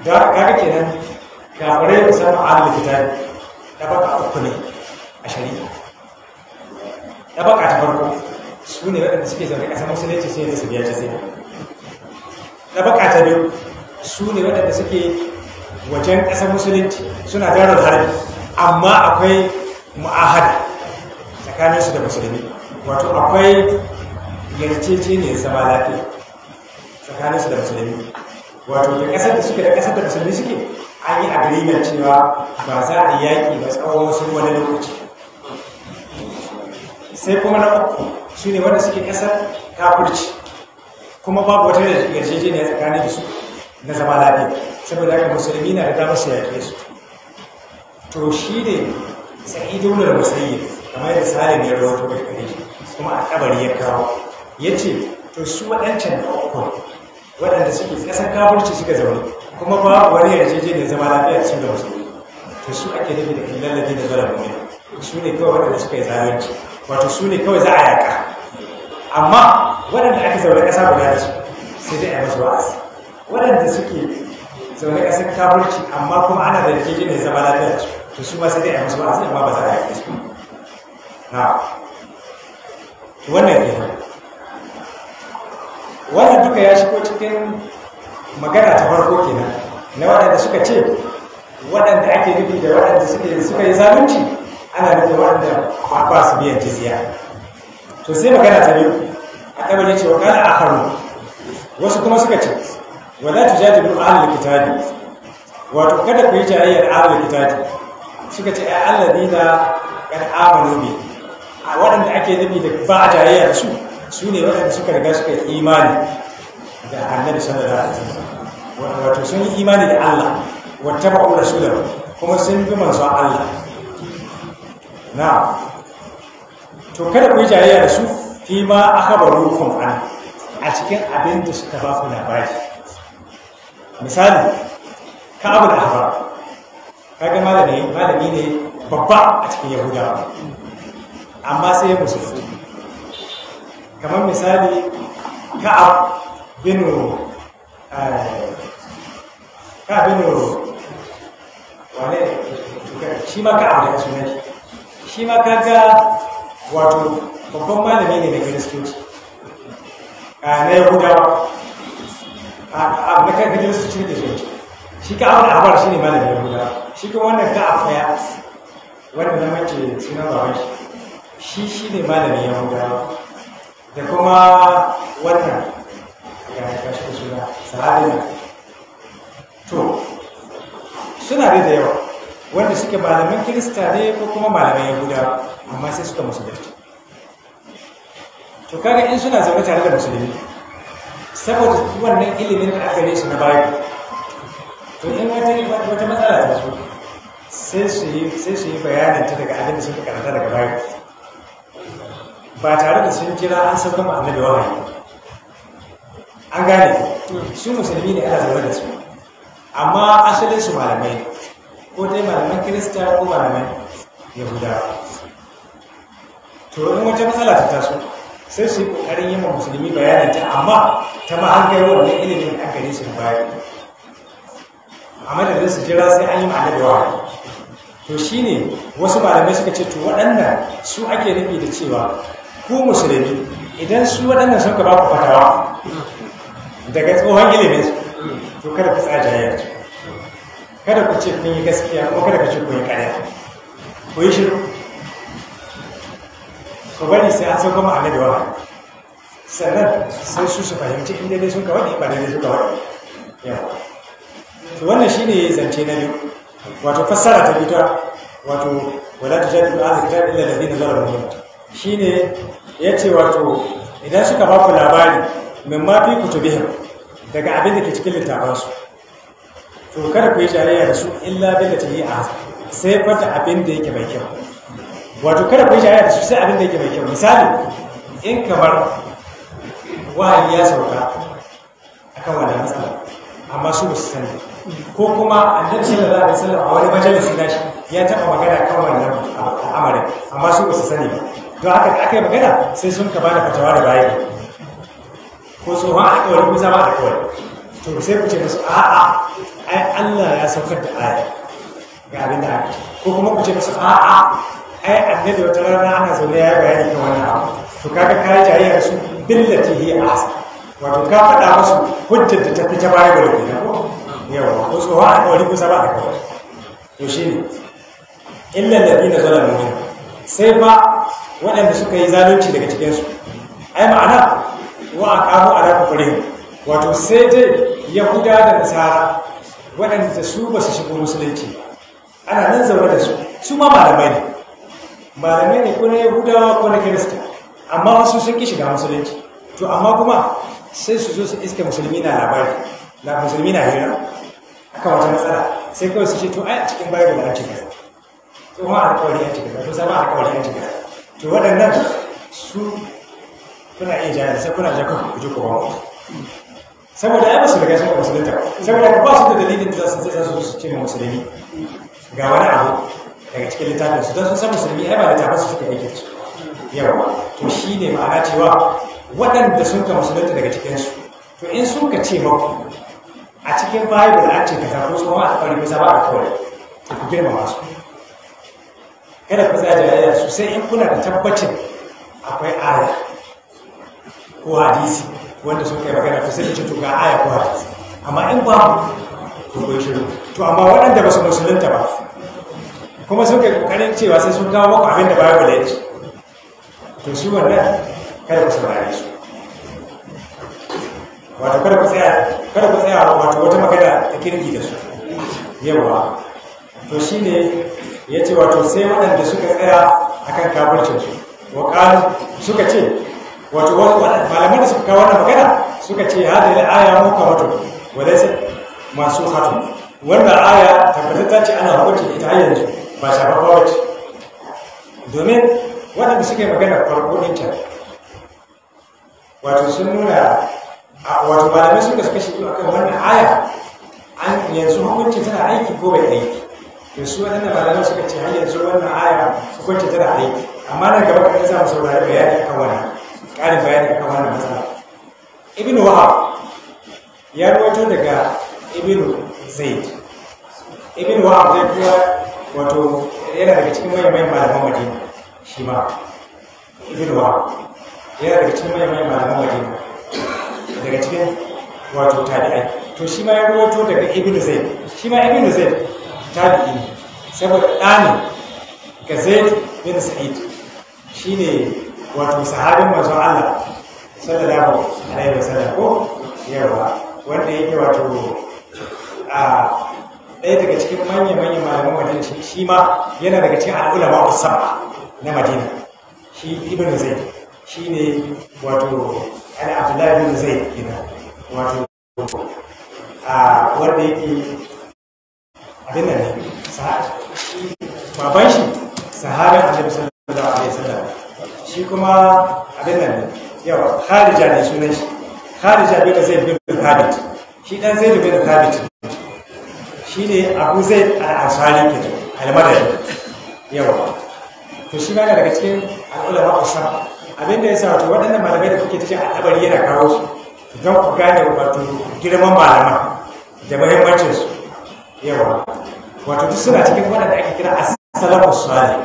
da kaga kenan kafirai ya musamman a likita da baka uku ne a shari'a da baka ta farko su ne waɗanda suke zaune ƙasar musulunci sai da su biya ce sai da baka ta biyu su ne waɗanda suke wajen ƙasar musulunci suna jarar harbi amma akwai mu'ahada su da musulmi wato akwai yarjejeniya ne zama lafiya su da musulmi wato da kasar da suke da kasar da musulmi suke an yi agreement cewa ba za a yaƙi ba tsawon wasu wani lokaci sai kuma na uku su ne wanda suke kasar kafirci kuma babu wata ne tsakanin da su na zama lafiya saboda haka musulmi na da damar su yaƙe su to shi ne sa'idu da musayyib kamar yadda salim ya rawato da kare kuma a kabari ya kawo ya ce to su waɗancan da uku waɗanda suke ƙasar kaburci suka zaune kuma ba wani yarjejeniyar zama lafiya su da musulmi to su ake nufi da kallon da zara mummina su ne kawai waɗanda suka yi zalunci wato su ne kawai za a yaƙa amma waɗanda aka zaune ƙasa guda da su sai dai a yi masu wa'azi waɗanda suke zaune ƙasar kaburci amma kuma ana da yarjejeniyar zama lafiya su to a amma ba za a yi na wannan wannan duka ya shigo cikin magana ta kenan na waɗanda suka ce waɗanda ake da waɗanda suka yi zalunci ana waɗanda ba su biyan sai magana ta biyu a wasu kuma suka ce ta wato kada ku yi jayayyar ahlul kitabi suka ce ai alladina kan amanu bi a waɗanda ake nufi da ba a tarayya da su su ne waɗanda suka riga suka yi imani da annabi sallallahu alaihi wasallam wato sun yi imani da Allah wattaba'u rasulahu kuma sun bi manzon Allah Na. to kada ku yi tarayya da su fi ma akhbarukum an a cikin abin da suka ba ku labari misali ka abu da ahbar kaga malami malami ne babba a cikin yahudawa amma sai ya musulmi kamar misali ka'ab bin eh, ka'ab bin wane shi ma ka'ab daga ne shi ma kaga wato babban malami ne na kiristoci eh, na yahudawa a ah, ah, na kan kiristoci da shi shi ka abu abar shi ne malami ya rubuta shi kuma wannan ka afaya wani na mace suna ba wani shi shi ne malami ya rubuta da kuma wannan ya ka shi suna sahabi to suna da yawa wanda suke malamin kirista ne ko kuma malaman yahuda amma sai suka musulunci to kaga in suna zaune tare da musulmi saboda wannan ilimin da aka su na bayan to in ya ce ba wata matsala da su sai su yi sai su yi bayanin ta daga abin da suka karanta daga baya ba tare da sun kira an sauka ma annabi wahayi an gane su musulmi ne ana zaune da su amma asalin su malamai ko dai malaman kirista ko malaman yahudawa to in wata matsala ta taso sai su yi ƙoƙarin yi ma musulmi bayanin ta amma ta ma an kai wannan ilimin an gare su bayan a madadin su jira sai an yi annabi To to ne wasu malamai suka ce to waɗannan su ake nufi da cewa ku musulmi idan su waɗannan sun ka ba ku fatawa daga tsohon ilimin su to kada ku tsajaya kada ku ce kun yi gaskiya ko kada ku ce kun yi ƙarya ku yi shiru ku bari sai an sauka ma annabi wahayi sannan sai su su fahimci inda dai sun ka waɗi ba ne sun ka waɗi yawa to wannan shine zance na biyu wato fassara ta biyu wato wala tajadu ahli kitab illa alladhina zalamu shine yace wato idan suka ba ku labari min ma fi kutubihim daga abin da ke cikin littafansu to kada ku yi jayayya da su illa billati hi a sai fata abin da yake mai kyau wato kada ku yi jayayya da su sai abin da yake mai kyau misali in kamar wahayi ya sauka akan wannan matsala amma su ba su sani ko kuma annabi sallallahu alaihi wasallam a wani majalisi shi. ya taɓa magana kan wannan al'amarin amma su ba su sani ba don haka da aka yi magana sai sun ka bada fatawa da bayan ko tsohon alƙawari ko zama kawai to sai ku ce musu a'a ai Allah ya saukar da aya ga abin da aka ko kuma ku ce musu a'a ai annabi wata rana ana zaune ya yi bayani kan wannan abu to kaga ka yi jayayyar su billati hi asa wato ka faɗa musu hujjar da ta fi ta baya ga rubuta yawa ko ba alkawari to shi ne da sai fa waɗanda suka yi zalunci daga cikinsu ai ma'ana wa a kawo a rafa kurin wato sai dai yahuda da nasara waɗanda su ba su shigo musulunci ana nan zaune da su su ma malamai ne malamai ne ko na yahudawa ko na kirista amma wasu sun ki shiga musulunci to amma kuma sai su zo su iske musulmi na labari na musulmi na hira akan wata matsala sai kawai su ce to ai a cikin bible an ci gaba to ma a kawai ci gaba to sama a kawai ci gaba to waɗannan su kuna iya jayar sai kuna jaka ku ji kowa saboda ya basu daga cikin musulunta saboda ba su da dalilin da za su zai su cire musulmi ga wani abu daga cikin littafin su don sun san musulmi ai ba littafin su suka aiki su yawa to shi ne ma'ana cewa waɗanda sun ka musulunta daga cikinsu to in sun ka ce maku a cikin bible an ce kaza su kuma a fari bisa ba a kawai ta ku girma masu. kada ku tsaya jayayya su sai in kuna da tabbacin akwai aya ko hadisi wanda suka yi magana fusa sai cikin ce to ga aya ko hadisi amma in ba ku ku shiru to amma waɗanda ba su musulunta ba kuma suka yi kokarin cewa sai sun kawo maku abin da bible ya ce to su wannan kada ku saurare su wato kada ku tsaya kada ku tsaya wato wata magana ta kirki da su yawa to ne ya ce wato sai waɗanda suka tsaya a kafircin su waƙalu suka ce wato malamai da suka kawo na magana suka ce ya da aya muka wato wadai sai masu hatu wannan aya tabbatar ce ana hukunci ita har yanzu ba ba wace domin waɗanda suka yi magana farko ɗin wato sun nuna a wato malamai suka suka biyu akan wannan aya an yanzu hukunci tana aiki ko bai aiki to su waɗanda malamai suka ce har yanzu wannan aya hukunci tana aiki amma nan gaba kaɗan za mu saurari bayani akan wannan ƙarin bayani akan wannan matsala ibn wahab ya rawaito daga ibn zaid ibn wahab zai kuwa wato yana daga cikin manyan manyan malaman madina shi ma ibn wahab yana daga cikin manyan manyan malaman madina daga cikin wato tabi'ai to shi ma ya rawaito daga ibnu zaid shi ma ibnu zaid tabi'i ne saboda dani ga zaid bin sa'id shine wato sahabin manzon Allah sallallahu alaihi wasallam ko yawa wanda yake wato a ɗaya daga cikin manya manya malaman wajen shi ma yana daga cikin al'ulama usama na madina shi ibnu zaid shine wato ana abdullahi bin zai kenan wato a wanda yake abin da ne baban shi sahabin annabi sallallahu alaihi wasallam shi kuma abin da ne yawa harija ne sunan shi harija bin zai bin thabit shi dan zai bin thabit shi ne abu zai al-ansari kenan al yawa to shi ma daga cikin al'ulama usama abin da ya sa wato waɗannan malamai da kuke cikin al'abari yana kawo su don ku gane wato girman malaman da su yawa wato duk suna cikin waɗanda ake kira as-salafus salih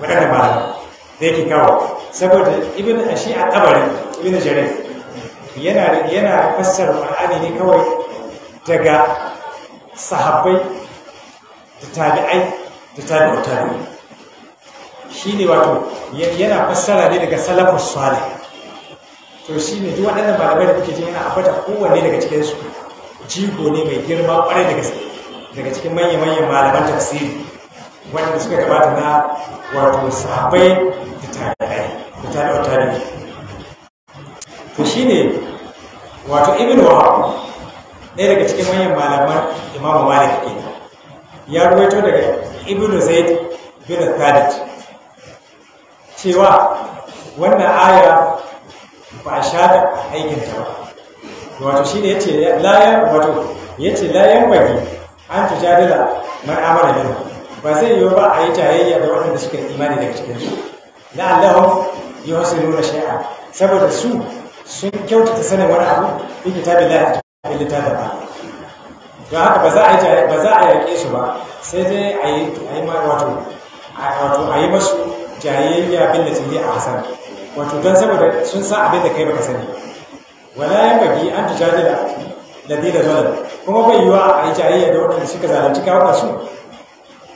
waɗanda malaman da yake kawo saboda ibn ashi al-abari ibn jarir yana yana fassar ma'ani ne kawai daga sahabbai da tabi'ai da tabi'u tabi'u shine wato yana fassara ne daga salafus salih to shine duk waɗannan malamai da kuke ji yana abata kowanne daga cikin su jigo ne mai girma kwarai daga daga cikin manya-manyan malaman tafsiri wanda suka gabata na wato sahabbai da tarihi da da tarihi to shine wato ibn wahab ɗaya daga cikin manyan malaman imamu malik ɗin ya ruwaito daga ibn zaid bin thabit cewa wannan aya ba a shaɗa aikinta ba wato shi ne ya ce layan wato ya ce layan bagi an ta jadila man amara ba zai yi ba a yi tayayya da waɗanda suka yi imani daga cikinsu na Allah yi wasu nuna shai'a saboda su sun kyautata sanin wani abu bi kitabin lahi a ta littafin ba don haka ba za a yi ba za a yaƙe su ba sai dai a yi wato a yi masu jayayya bin da tsiri a hasan wato don saboda sun san abin da kai baka sani wala ya bagi an tujadila da zalim kuma bai yiwa a yi jayayya da wadanda suka zalunci kawo su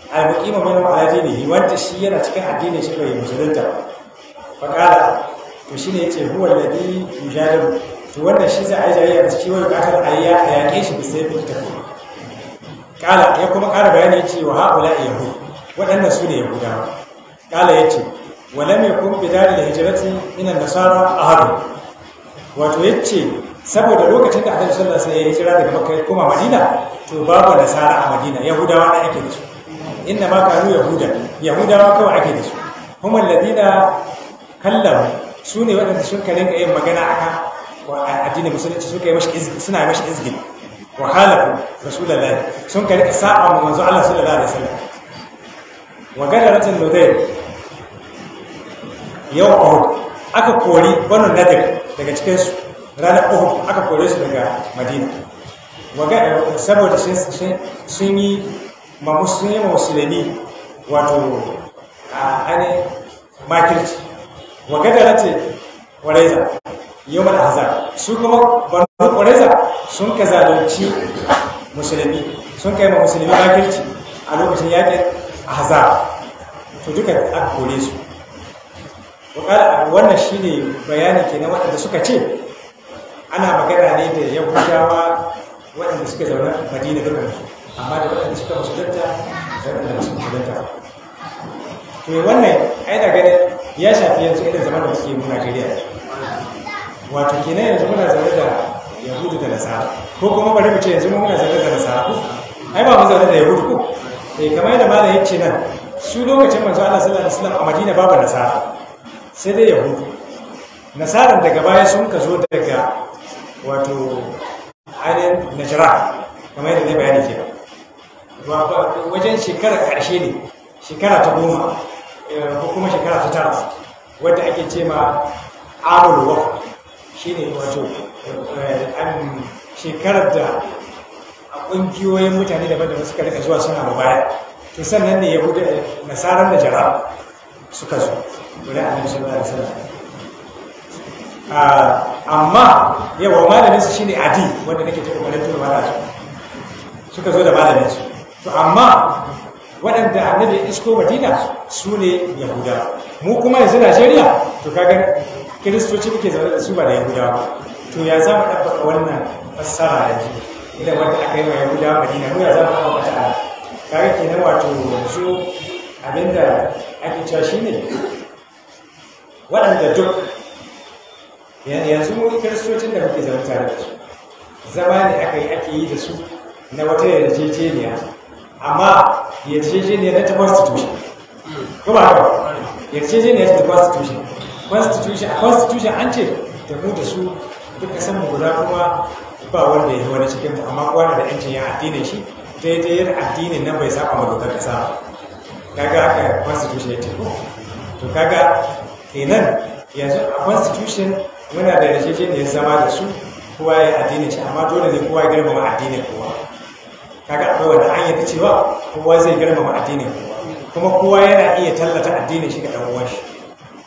al-muqima minhum ala ne wanda shi yana cikin addinin shi bai musulunta ba qala to shine ce huwa alladhi yujadilu to wanda shi za a yi jayayya da shi wani bukatar a yi a yaƙe shi bisa yi ta kuma ƙala ya kuma ƙara bayani ya ce wa haƙula yahu waɗannan su ne yahudawa kala yace walam yakun bidari da hijrati min an a ahad wato ya ce, saboda lokacin da Annabi sallallahu alaihi wasallam ya hijira daga Makka kuma Madina to babu nasara a Madina Yahudawa ne ake da su inna ma kanu yahuda yahudawa kawai ake da su Kuma ladina kallamu su ne waɗanda sun ka rinka yin magana akan addinin musulunci suka yi mashi izgil suna mashi izgil wa halafu rasulullahi sun ka rinka sa'a wa manzo Allah sallallahu alaihi wasallam wa gadaratan nudair yau hudu aka kori banu nadir daga cikinsu ranar uhud aka kore su daga madina saboda sun yi ma musulmi wato a ainihin makirci da ce ƙwareza yau mana haza su kuma banu ƙwareza sun ka zalunci musulmi sun kai ma musulmi makirci a lokacin a haza to duka aka kore su wannan shine bayani kenan waɗanda suka ce ana magana ne da yahudawa waɗanda suka zaune madina duka amma da waɗanda suka musulunta da waɗanda ba su To to wannan ai da ganin ya shafi yanzu irin zaman da muke mu Najeriya wato kenan yanzu muna zaune da yahudu da nasara ko kuma bari mu ce yanzu muna zaune da nasara ko ai ba mu zaune da yahudu ko eh kamar yadda malam yace nan su lokacin manzo Allah sallallahu alaihi wasallam a Madina babu nasara sai dai yahudu nasaran daga baya sun ka zo daga wato ainihin najira kamar yadda zai bayani ke wajen shekara ƙarshe ne shekara ta goma eh, ko kuma shekara ta tara wadda ake ce ma amul shi ne wato eh, shekarar da ƙungiyoyin mutane daban-daban suka rika zuwa suna baya to sannan ne yahudu eh, nasarar najira suka zo Ah, amma yawa malamin su shine adi wanda nake ta kokarin mara su, suka zo da malamin su to amma waɗanda annabi isko madina su ne yahuda mu kuma yanzu najeriya to kaga kiristoci muke zaune da su ba da yahuda ba to ya zama ɗabbaka wannan fassara da ji idan wanda aka yi wa yahuda madina mu ya zama ɗabbaka ta kaga kenan wato yanzu abinda ake cewa shine waɗanda duk yanzu mu kiristocin da muke zama tare da su zama ne aka yi ake yi da su na wata yarjejeniya amma yarjejeniya na ta constitution kuma haka yarjejeniya ta constitution constitution a constitution an ce da mu da su duk kasan mu guda kuma ba wanda ya wani cikin mu amma kuwa da yancin ya addinin shi daidai yin addinin nan bai saba ma dokar kasa kaga ga constitution ya ce to kaga kenan yanzu a constitution muna da yarjejeniyar zama da su kowa ya addinin shi amma dole ne kowa ya girmama addinin kowa kaga akwai wanda an ta cewa kowa zai girmama addinin kowa kuma kowa yana iya tallata addinin shi ga ɗan uwan shi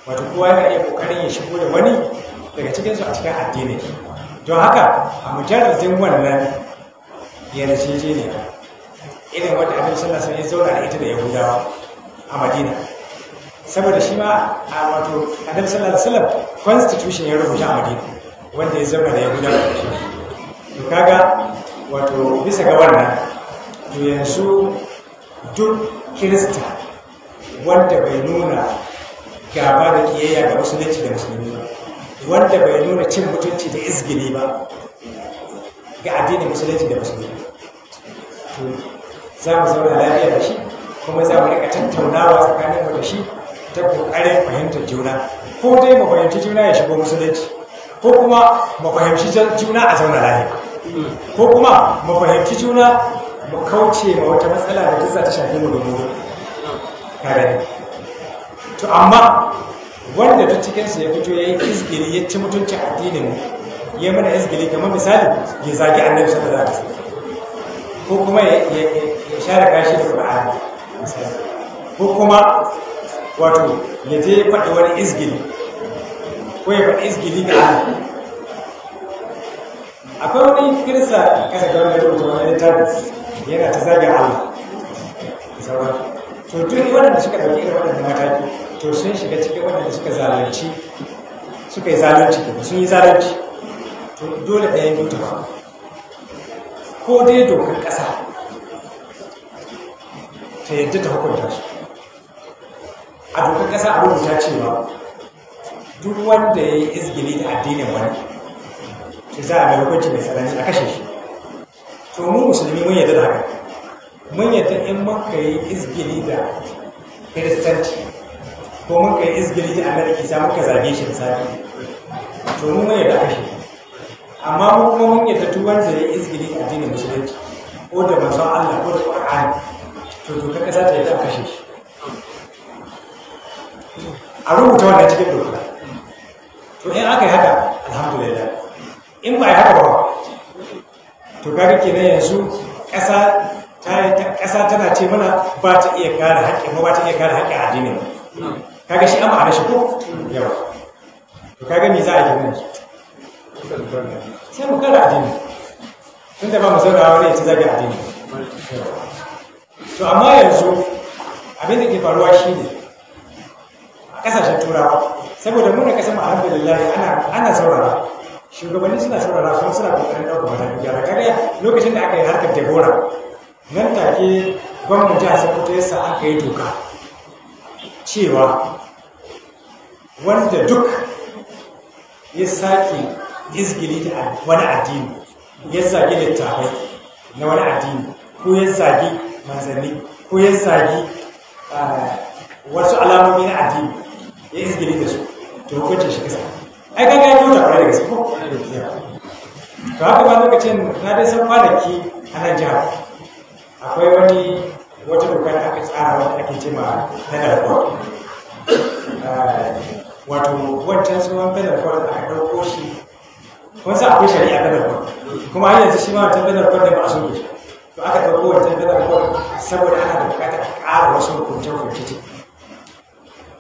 wato kowa yana iya kokarin ya shigo da wani daga cikin su a cikin addinin don haka a mujarradin wannan yarjejeniya irin wanda abin sallah sai ya zauna da ita da yahudawa a madina saboda shi ma a wato annabi sallallahu alaihi wasallam constitution ya rubuta a madina wanda ya zama da ya gudanar da shi to kaga wato bisa ga wannan to yanzu duk kirista wanda bai nuna gaba da kiyayya ga musulunci da musulmi ba wanda bai nuna cin mutunci da izgili ba ga addinin musulunci da musulmi to za mu zauna lafiya da shi kuma za mu rika tattaunawa tsakaninmu da shi ta ƙoƙarin fahimtar juna ko dai ma fahimci juna ya shigo musulunci ko kuma ma fahimci juna a zauna lahi ko kuma ma fahimci juna ma kauce ma wata matsala da duk za ta shafi mu da mu gani to amma wanda duk cikinsu ya fito ya yi izgiri ya ci mutuncin addinin ya mana izgiri kamar misali ya zagi annabi sallallahu alaihi wasallam ko kuma ya share kashi da Qur'ani ko kuma wato ya je faɗi wani izgili ko ya faɗi izgili ga ala akwai wani kirsa kasa ga wani rubuta wani littafi yana ta zaga Allah sauran to duk wadanda suka ɗauki irin waɗanda mataki to sun shiga cikin wadanda suka zalunci suka yi zalunci ke sun yi zalunci to dole ɗayan biyu ta ba ko dai dokar ƙasa ta yadda ta hukunta su a dokar ƙasa a rubuta cewa duk wanda ya yi izgili da addinin wani to za a mai hukunci mai tsanani a kashe shi to mu musulmi mun yadda da haka mun yadda in maka yi izgili da kiristanci ko muka yi izgili da annabi isa muka zage shi da sabi to mun mun yadda kashe amma mu kuma mun yadda duk wanda ya yi izgili da addinin musulunci ko da manzon Allah ko da Qur'ani to dokar kasa ta yadda kashe shi a rubuta wannan cikin doka to in aka yi haka alhamdulillah in ba yi haka ba to kaga kenan yanzu ƙasa ƙasa tana ce mana ba ta iya kare haƙƙi ba ba ta iya gara haƙƙi a addinin kaga shi amma ana shigo yawa to kaga me za a yi nan sai mu kare addini tunda ba mu zaura wani ya ci zagi addini to amma yanzu abin da ke faruwa shine kasashen turawa saboda muna kasan mu alhamdulillah ana ana saurara shugabanni suna saurara kuma suna kokarin ɗaukar matakin gyara kare lokacin da aka yi harkar dagora nan take gwamnan jihar sokoto yasa aka yi doka cewa wanda duk ya sake izgili da wani addini ya zagi littafai na wani addini ko ya zagi manzanni ko ya zagi eh, wasu alamomi na addini ya izgiri da su to hukuncin shi kisa ai kaga ya kyauta kwarai da gaske ko to haka ba lokacin na dai san kwanaki a nan jihar akwai wani wata doka aka tsara wanda ake ce ma federal court eh, wato wancan sunan federal court da aka ɗauko shi kun sa akwai shari'a federal court kuma har yanzu shi ma wancan federal court da ba a so to aka ɗauko wancan federal court saboda ana da buƙatar ƙara wasu hukunce-hukunce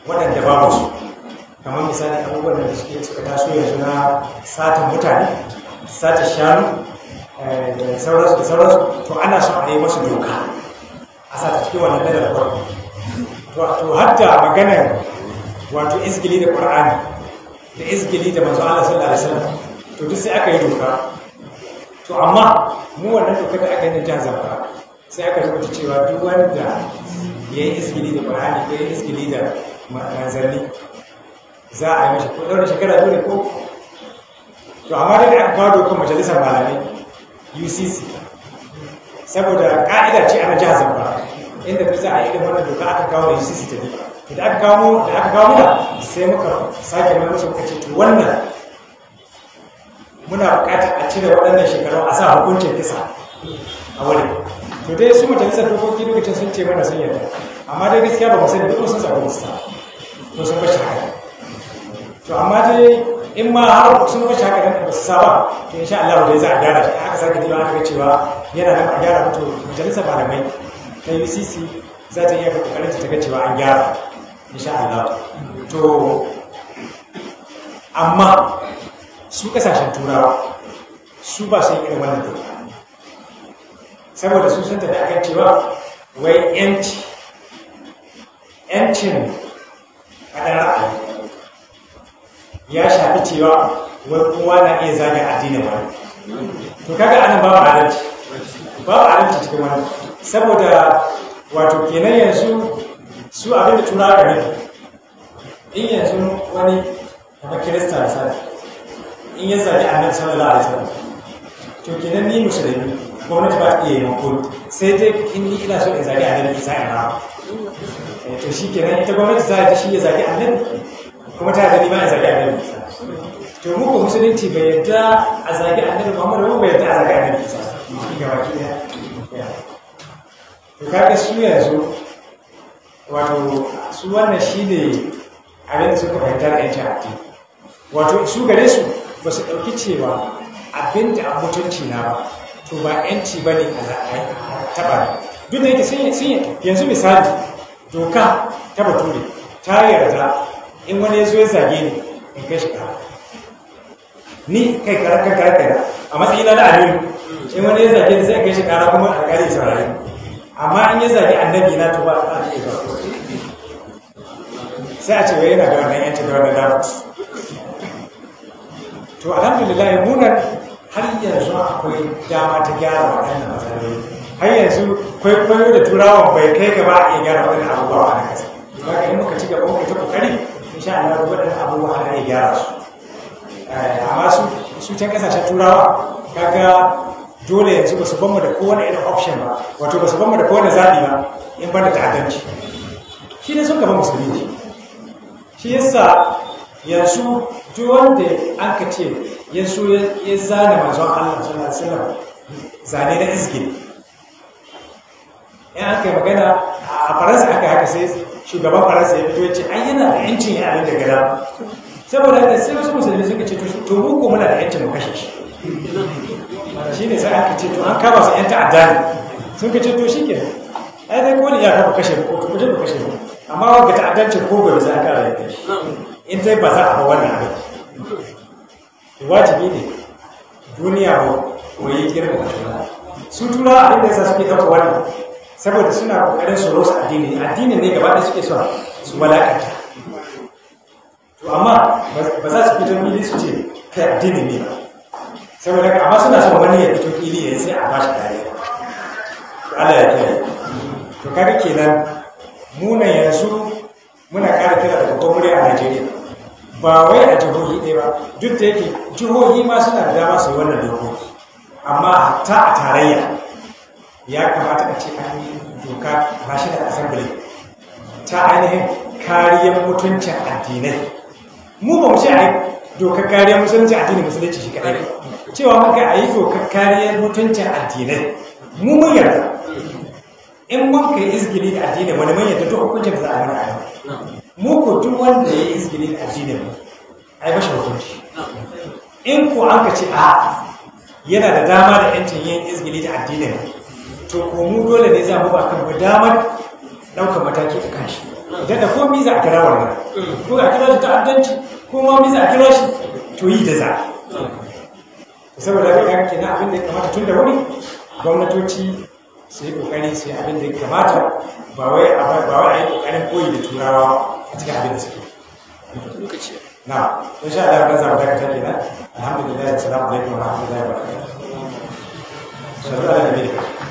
waɗanda ba su kamar misali abubuwan da suke suka taso yanzu na sata mutane sata shanu eh, da sauransu da sauransu to ana son a yi masu doka a sata cikin wannan ladar kwarfi to hatta maganar wato izgili da ƙur'ani, da izgili da manzo Allah sallallahu alaihi wasallam to duk sai aka yi doka to amma mu wannan doka da aka yi na jan sai aka rubuta cewa duk wanda ya yi izgili da ƙwar'ani ya yi izgili da manzanni za a yi mashi ko ɗaura shekara biyu ne ko to amma daga akwai dokar majalisar malamai ucc saboda ka'ida ce ana jihar zamfara inda ta za a yi da wannan doka aka kawo da ucc ta biyu da aka kawo da aka kawo da sai muka sake mai mashi muka ce to wannan muna buƙatar a cire waɗannan shekaru a sa hukuncin kisa a wurin to dai su majalisar dokoki lokacin sun ce mana sun yarda amma dai gaskiya ba mu sani duk sun zaɓi sa. to sun bashi haka to amma dai in ma har sun bashi haka dan ba su saba to insha Allah ba dai za a gyara shi haka sake jiwa haka cewa yana nan a gyara to majalisar malamai ta UCC za ta iya kokarin ta ga cewa an gyara insha Allah to amma su kasashen turawa su ba sai irin wannan doka saboda su sun tafi akan cewa wai yanci yancin ya shafi cewa wani kuma na iya zagin addinin wani to kaga anan babu ba babu adalci cikin wani saboda wato kenan yanzu su abin da tura ga in yanzu wani kuma kirista da sani in ya zagi annabi sallallahu alaihi wasallam to kenan ni musulmi gwamnati ba ta iya yi makon sai dai kin ni ina so in zagi annabi in ina to shi kenan ita gwamnati za ta shi ya zaki nan kuma ta gani ba ya zaki nan to muku musulunci bai yadda a zaki annabi muhammadu ba bai yadda a zaki annabi shi ga baki daya to kaga su yanzu wato su wannan shi ne abin da suka fahimta a yanci a wato su gare su ba su ɗauki cewa abin da an mutunci na ba to ba yanci ba ne a taɓa duk da yake sun yi yanzu misali doka ta bature ta yarda in wani ya zo ya zage ni in kai shi ni kai karakar karakar a matsayin na alimu in wani ya zage ni sai kai shi na kuma a kare saurari amma in ya zage annabi na tuba a kan ba. sai a ce wai yana da wannan yanci da wannan damar to alhamdulillah munar har yanzu akwai dama ta gyara waɗannan matsaloli har yanzu kwaikwayo da turawan bai kai gaba a iya gyara wani abubuwa na kasa ba ka yi muka ci gaba muka ta kokari insha Allah waɗannan abubuwa ana iya gyara su eh, amma su su can kasashen turawa kaga dole yanzu ba su bamu da kowane irin option ba wato ba su bamu da kowane zaɓi ba in ban da ta'addanci shi ne sun gaba musulunci shi yasa yanzu duk wanda an ka ce yanzu ya zane manzon Allah sallallahu alaihi wasallam zane na izgin in aka magana a faransa aka haka sai shugaban faransa ya fito ce an yana da yancin ya abin da gada saboda haka sai wasu musulmi suka ce to mu ko muna da yancin mu kashe shi shi ne sai aka ce to an kama su yan ta'adda ne sun ka ce to shi ke ai dai kone ya kafa kashe ko ku je ku kashe ku? amma wanda ta'addanci ko bai sai aka rayu da in dai ba za a ba wannan abin wajibi ne duniya ko yi girma su tura abin da yasa suke ɗauka wannan saboda suna kokarin su rosa addini addini ne gaba da suke son su walakanta to amma ba za su fito fili su ce kai addini ne saboda ka amma suna son wani ya fito fili ya sai a bashi kare to Allah ya kiyaye to kaga kenan mu yanzu muna ƙara kira da babban murya a Najeriya ba wai a jihohi ɗaya ba duk da yake jihohi ma suna da dama su yi wannan dokoki amma ta a tarayya ya kamata a ce an yi doka ba shi da assembly ta ainihin kariyar mutuncin addinai mu ba mu ce a yi dokar kariyar addinai addinin musulunci shi kadai cewa muka a yi dokar kariyar mutuncin addinai mu mun yarda in mun kai izgiri da addinai wani mun yarda duk hukuncin za a yi a mu ko duk wanda ya yi izgiri da ba, a yi mashi hukunci in ko an ka ce a yana da dama da yancin yin izgiri da addinai to ko mu dole ne za mu ba kan ba damar dauka mataki a kan shi idan da ko za a kira wannan ko ga kira ta addanci ko ma za a kira shi to yi da za saboda haka kina abin da kamata tun da wuri gwamnatoci su yi kokari su yi abin da kamata ba wai a yi kokarin koyi da turawa a cikin abin da suke lokaci na in sha Allah kan zama take na alhamdulillah assalamu alaikum wa rahmatullahi wa barakatuh sallallahu alaihi wa sallam